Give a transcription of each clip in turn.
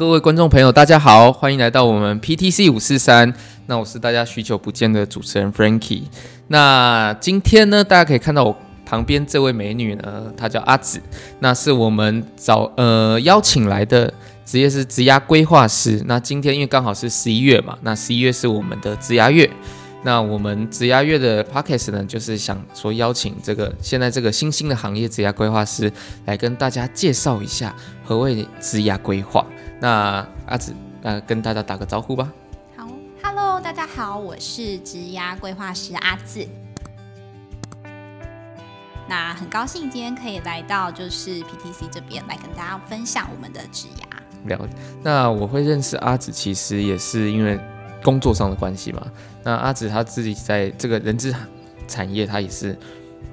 各位觀眾朋友，大家好，歡迎來到我們 PTC 五四三。那我是大家許久不見的主持人 Frankie。那今天呢，大家可以看到我旁邊這位美女呢，她叫阿紫，那是我們早呃邀請來的職業是職涯規劃師。那今天因為剛好是十一月嘛，那十一月是我們的職涯月。那我們職涯月的 podcast 呢，就是想說邀請這個現在這個新興的行業職涯規劃師來跟大家介紹一下何謂職涯規劃。那阿紫，呃，跟大家打個招呼吧。好，Hello，大家好，我是職涯規劃師阿紫。那很高興今天可以來到就是 PTC 這邊來跟大家分享我們的職涯了。那我會認識阿紫，其實也是因為。工作上的關係嘛，那阿紫他自己在這個人資產業，他也是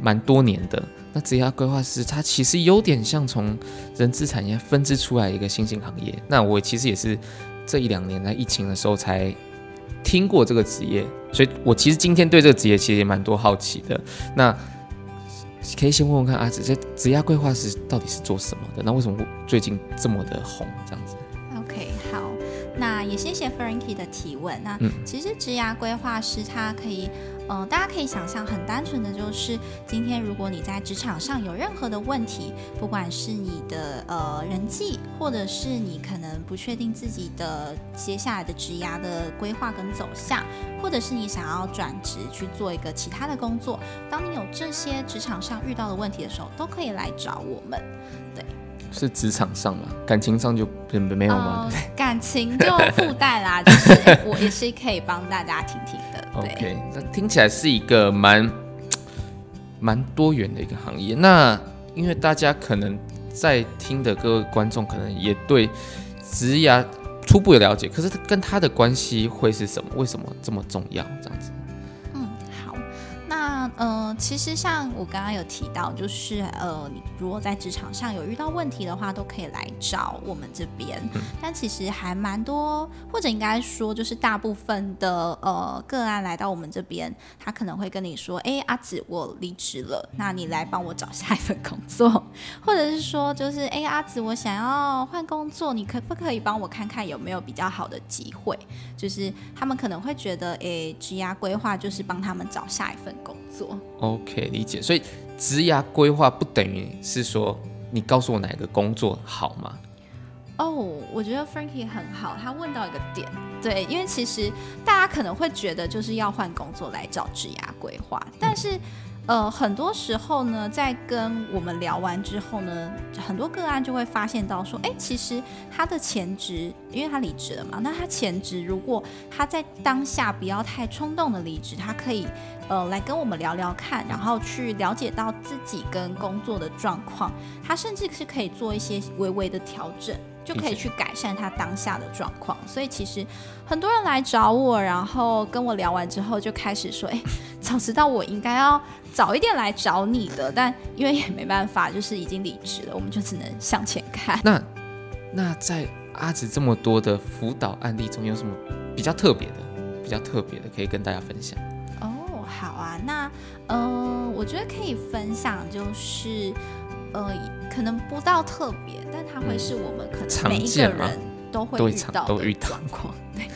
蠻多年的。那職業規劃師，他其實有點像從人資產業分支出來一個新興行業。那我其實也是這一兩年在疫情的時候才聽過這個職業，所以我其實今天對這個職業其實也蠻多好奇的。那可以先問問看阿紫，這職業規劃師到底是做什麼的？那為什麼最近這麼的紅？這樣。也謝謝 Frankie 的提問。那其實職涯規劃師他可以，嗯、呃，大家可以想象很單純的就是，今天如果你在職場上有任何的問題，不管是你的呃人際，或者是你可能不確定自己的接下來的職涯的規劃跟走向，或者是你想要轉職去做一個其他的工作，當你有這些職場上遇到的問題的時候，都可以來找我們，對。是職場上嘛，感情上就沒沒有嗎？Uh, 感情就附帶啦， 就是我也是可以幫大家聽聽的，對。OK，那聽起來是一個蠻蠻多元的一個行業。那因為大家可能在聽的各位觀眾，可能也對職涯初步有了解，可是跟他的關係會是什麼？為什麼這麼重要？嗯、呃，其實像我剛剛有提到，就是呃，你如果在職場上有遇到問題的話，都可以來找我們這邊。但其實還蠻多，或者應該說，就是大部分的呃個案來到我們這邊，他可能會跟你說：“哎，阿、啊、紫，我離職了，那你來幫我找下一份工作。”或者是說：“就是哎，阿紫、啊，我想要換工作，你可不可以幫我看看有沒有比較好的機會？”就是他們可能會覺得：“哎，職涯規劃就是幫他們找下一份工作。” O.K. 理解，所以職涯規劃不等於是說你告訴我哪個工作好嗎？哦，oh，我覺得 Frankie 很好，他問到一個點，對，因為其實大家可能會覺得就是要換工作來找職涯規劃，但是。嗯呃，很多時候呢，在跟我們聊完之後呢，很多個案就會發現到說，哎，其實他的前職，因為他離職了嘛，那他前職如果他在當下不要太衝動的離職，他可以，呃，來跟我們聊聊看，然後去了解到自己跟工作的狀況，他甚至是可以做一些微微的調整。就可以去改善他當下的狀況，所以其實很多人來找我，然後跟我聊完之後，就開始說：“誒、欸，早知道我應該要早一點來找你的。”但因為也沒辦法，就是已經離職了，我們就只能向前看。那那在阿紫這麼多的輔導案例中，有什麼比較特別的、比較特別的可以跟大家分享？哦、oh,，好啊，那嗯、呃，我覺得可以分享就是。呃，可能不到特別，但他會是我們可能每一個人都會遇到、嗯，都遇到,都遇到過 對。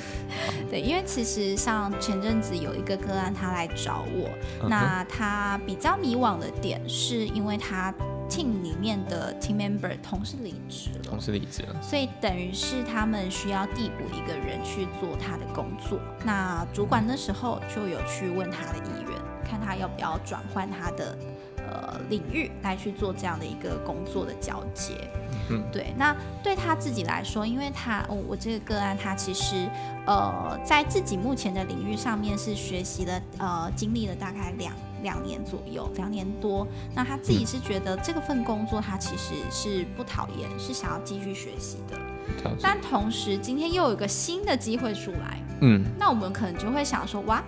對，因為其實像前陣子有一個個案，他來找我、嗯，那他比較迷惘的點，是因為他 team 裡面的 team member 同事離職了，同事離職了，所以等於是他們需要遞補一個人去做他的工作。那主管那時候就有去問他的意願，看他要不要轉換他的。呃，領域來去做這樣的一個工作的交接，嗯，對。那對他自己來說，因為他，嗯，我這個個案，他其實呃，在自己目前的領域上面是學習了，呃，經歷了大概兩兩年左右，兩年多。那他自己是覺得這個份工作他其實是不討厭，是想要繼續學習的。但同時，今天又有一個新的機會出來，嗯，那我們可能就會想說，哇。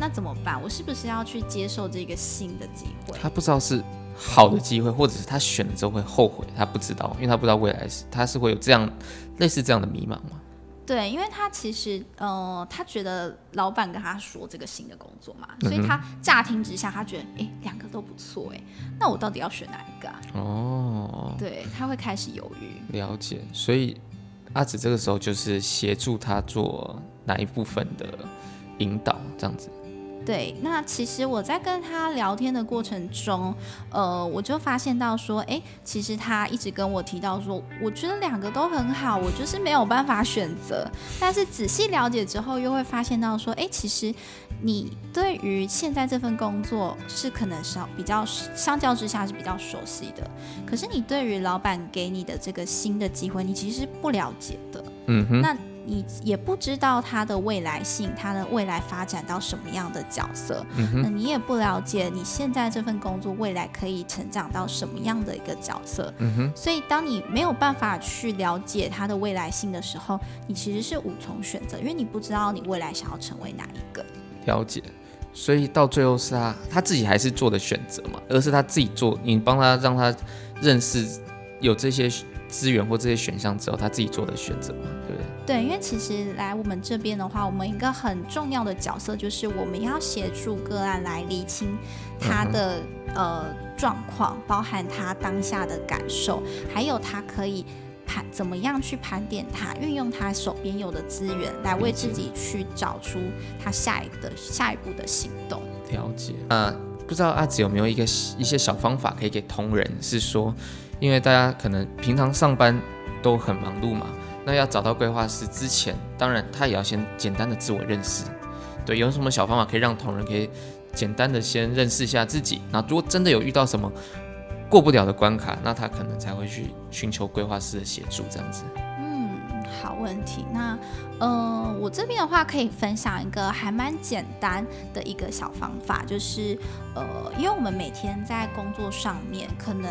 那怎麼辦？我是不是要去接受這個新的機會？他不知道是好的機會，或者是他選了之後會後悔，他不知道，因為他不知道未來是他是會有這樣類似這樣的迷茫嗎？對，因為他其實呃，他覺得老闆跟他說這個新的工作嘛，嗯、所以他乍聽之下他覺得哎，兩、欸、個都不錯哎、欸，那我到底要選哪一個啊？哦，對，他會開始猶豫。了解，所以阿紫這個時候就是協助他做哪一部分的引導，這樣子。對，那其實我在跟他聊天的過程中，呃，我就發現到說，哎，其實他一直跟我提到說，我覺得兩個都很好，我就是沒有辦法選擇。但是仔細了解之後，又會發現到說，哎，其實你對於現在這份工作是可能稍比較相較之下是比較熟悉的，可是你對於老板給你的這個新的機會，你其實是不了解的。嗯哼。那。你也不知道他的未來性，他的未來發展到什麼樣的角色，嗯哼，那你也不了解你現在這份工作未來可以成長到什麼樣的一個角色。嗯哼，所以當你沒有辦法去了解他的未來性的時候，你其實是無從選擇，因為你不知道你未來想要成為哪一個。了解，所以到最後是他，他自己還是做的選擇嘛？而是他自己做，你幫他讓他認識有這些。資源或這些選項之後，他自己做的選擇嘛，對不對？對，因為其實來我們這邊的話，我們一個很重要的角色就是我們要協助個案來釐清他的、嗯、呃狀況，包含他當下的感受，還有他可以盤怎麼樣去盤點他，運用他手邊有的資源來為自己去找出他下一個的下一步的行動。了解。呃，不知道阿紫有沒有一個一些小方法可以給同仁，是說。因為大家可能平常上班都很忙碌嘛，那要找到規劃師之前，當然他也要先簡單的自我認識，對，有什麼小方法可以讓同仁可以簡單的先認識一下自己？那如果真的有遇到什麼過不了的關卡，那他可能才會去尋求規劃師的協助，這樣子。嗯，好問題。那。嗯、呃，我這邊的話可以分享一個還蠻簡單的一個小方法，就是，呃，因為我們每天在工作上面，可能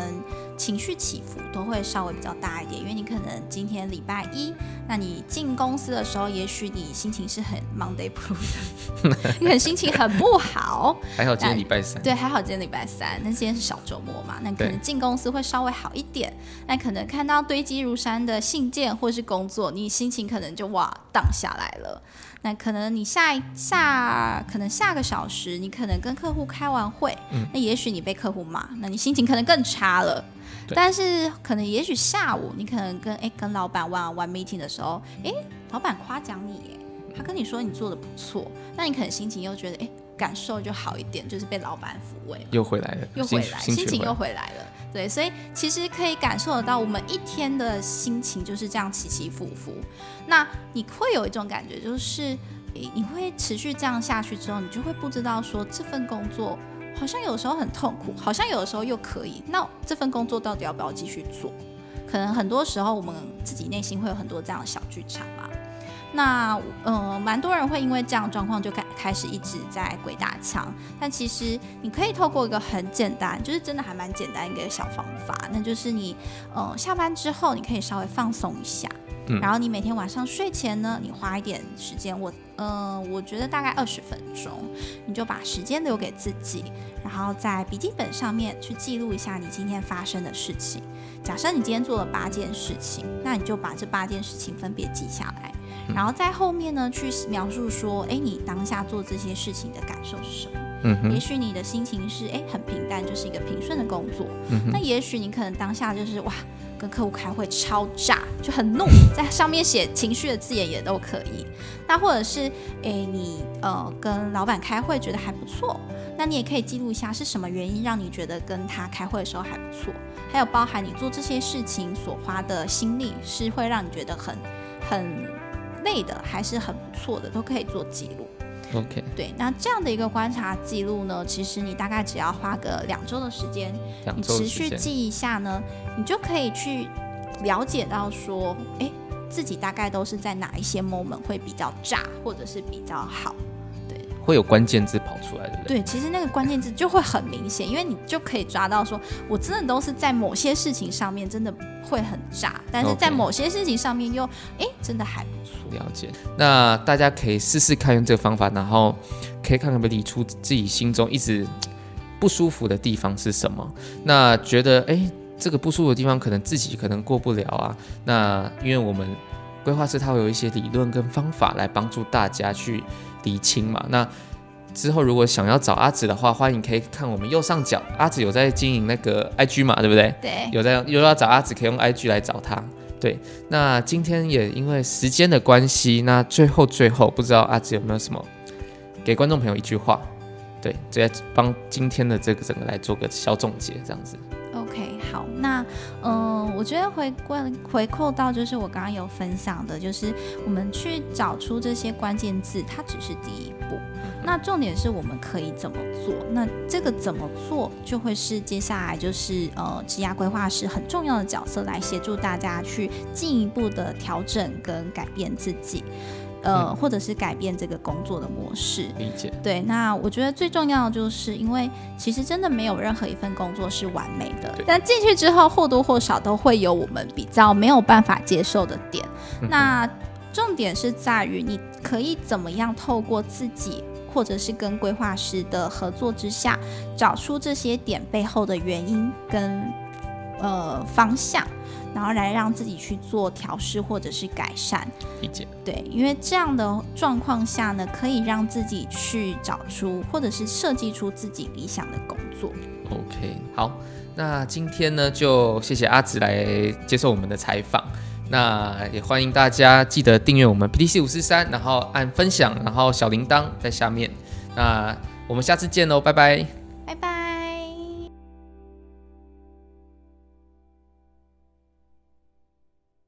情緒起伏都會稍微比較大一點。因為你可能今天禮拜一，那你進公司的時候，也許你心情是很 Monday Blue 你可能心情很不好。還好今天禮拜三。對，還好今天禮拜三，那今天是小周末嘛，那可能進公司會稍微好一點。那可能看到堆積如山的信件或是工作，你心情可能就哇降下來了，那可能你下一下可能下個小時，你可能跟客戶開完會，嗯，那也許你被客戶罵，那你心情可能更差了。但是可能也許下午你可能跟哎、欸、跟老板玩玩 meeting 的時候，哎、欸、老板誇獎你，他跟你說你做的不錯，那你可能心情又覺得哎、欸、感受就好一點，就是被老板撫慰，又回來了，又回來，心，心，來心情又回來了。對，所以其實可以感受得到，我們一天的心情就是這樣起起伏伏。那你會有一種感覺，就是誒、欸，你會持續這樣下去之後，你就會不知道說這份工作好像有時候很痛苦，好像有時候又可以。那這份工作到底要不要繼續做？可能很多時候我們自己內心會有很多這樣的小劇場。那嗯，呃，蠻多人會因為這樣的狀況，就開開始一直在鬼打牆，但其實你可以透過一個很簡單，就是真的還蠻簡單一個小方法，那就是你嗯，呃，下班之後你可以稍微放鬆一下，然後你每天晚上睡前呢，你花一點時間，我嗯，呃，我覺得大概二十分鐘，你就把時間留給自己，然後在筆記本上面去記錄一下你今天發生的事情。假設你今天做了八件事情，那你就把這八件事情分別記下來。然後在後面呢，去描述說，哎，你當下做這些事情的感受是什麼？嗯，也許你的心情是，哎，很平淡，就是一個平順的工作。嗯，那也許你可能當下就是哇，跟客戶開會超炸，就很怒，在上面寫情緒的字眼也都可以。那或者是，哎，你呃跟老闆開會覺得還不錯，那你也可以記錄一下是什麼原因讓你覺得跟他開會的時候還不錯。還有包含你做這些事情所花的心力，是會讓你覺得很很。累的還是很不錯的，都可以做記錄。OK，對，那這樣的一個觀察記錄呢，其實你大概只要花個兩周的時間，兩周的時間，你持續記一下呢，你就可以去了解到說，哎、欸，自己大概都是在哪一些 moment 會比較炸，或者是比較好。對，會有關鍵字跑出來的。對，其實那個關鍵字就會很明顯，因為你就可以抓到說，我真的都是在某些事情上面真的會很炸，但是在某些事情上面又哎、okay. 欸，真的還不錯。了解，那大家可以試試看用這個方法，然後可以看看能不能理出自己心中一直不舒服的地方是什麼。那覺得哎、欸，這個不舒服的地方可能自己可能過不了啊。那因為我們規劃師他會有一些理論跟方法來幫助大家去理清嘛。那之後如果想要找阿紫的話，歡迎可以看我們右上角，阿紫有在經營那個 IG 嘛，對不對？對。有在，又要找阿紫可以用 IG 來找他。對，那今天也因為時間的關係，那最後最後不知道阿志有沒有什麼給觀眾朋友一句話，對，直接幫今天的這個整個來做個小總結，這樣子。OK，好，那嗯、呃，我覺得回關回扣到就是我剛剛有分享的，就是我們去找出這些關鍵字，它只是第一步。那重點是我們可以怎麼做？那這個怎麼做就會是接下來就是呃，職涯規劃師很重要的角色，來協助大家去進一步的調整跟改變自己，呃、嗯，或者是改變這個工作的模式。理解。對，那我覺得最重要的就是因為其實真的沒有任何一份工作是完美的，但進去之後或多或少都會有我們比較沒有辦法接受的點。嗯、那重點是在於你可以怎麼樣透過自己。或者是跟規劃師的合作之下，找出這些點背後的原因跟呃方向，然後來讓自己去做調試或者是改善。理解。對，因為這樣的狀況下呢，可以讓自己去找出或者是設計出自己理想的工作。OK，好，那今天呢，就謝謝阿紫來接受我們的採訪。那也歡迎大家記得訂閱我們 PTC 五四三，然後按分享，然後小鈴鐺在下面。那我們下次見嘍，拜拜。